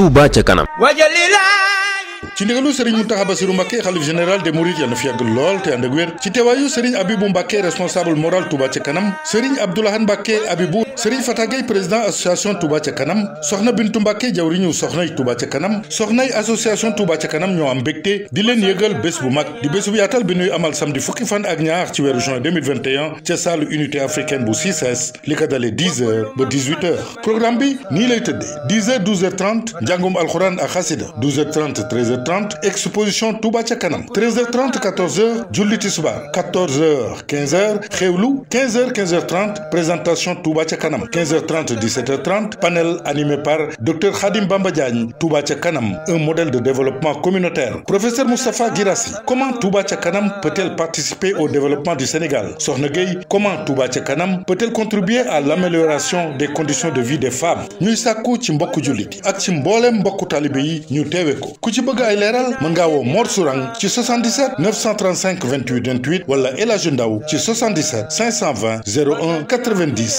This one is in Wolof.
Touba ca kanam ci ndigalu Serigne Mountakha Bassirou Mbacké xalif général des Mourides yàlla na fi yàgg lool te ànd ak wér ci teewaayu Serigne Abibou Mbacké responsable moral Touba ca kanam Serigne Abdoulahan Mbacké Abibou Serigne Fata Gueye président association Touba ca kanam soxna Bintu ke jawriñu soxnay Touba ca kanam soxnay association Touba ca kanam ñoo am mbégte di leen yëgal bés bu mag di bés bu yaatal bi nuy amal samedi fukki fan ak ñaar ci weeru juin 2021 ca saalu unité africaine bu CICES li ko dalee 10 ba 18 programme bi nii lay tëddee 10 heures 12 heures 30 njàngum alxuraan ak xasida 12 heures 30 13 heures 30 exposition Touba ca kanam 13 heures 30 14 heures julli tisbaar 14 heures 15 présentation Touba ca kanam kanam 15h30 17h30 panel animé par docteur Khadim Bamba Diagne kanam un modèle de développement communautaire professeur Moustapha Guirassi comment Touba ca kanam peut-elle participer au développement du Sénégal Sokhna Gueye comment Touba ca kanam peut-elle contribuer à l'amélioration des conditions de vie des femmes ñuy sàkku ci mbokku jullit yi ak ci mbooleem mbokku talibé yi ñu teewe ko ku ci bëgg ay leeral mën ngaa woo Mor Sourang ci 77 935 28 28 wala El Ndaw ci 77 520 01 90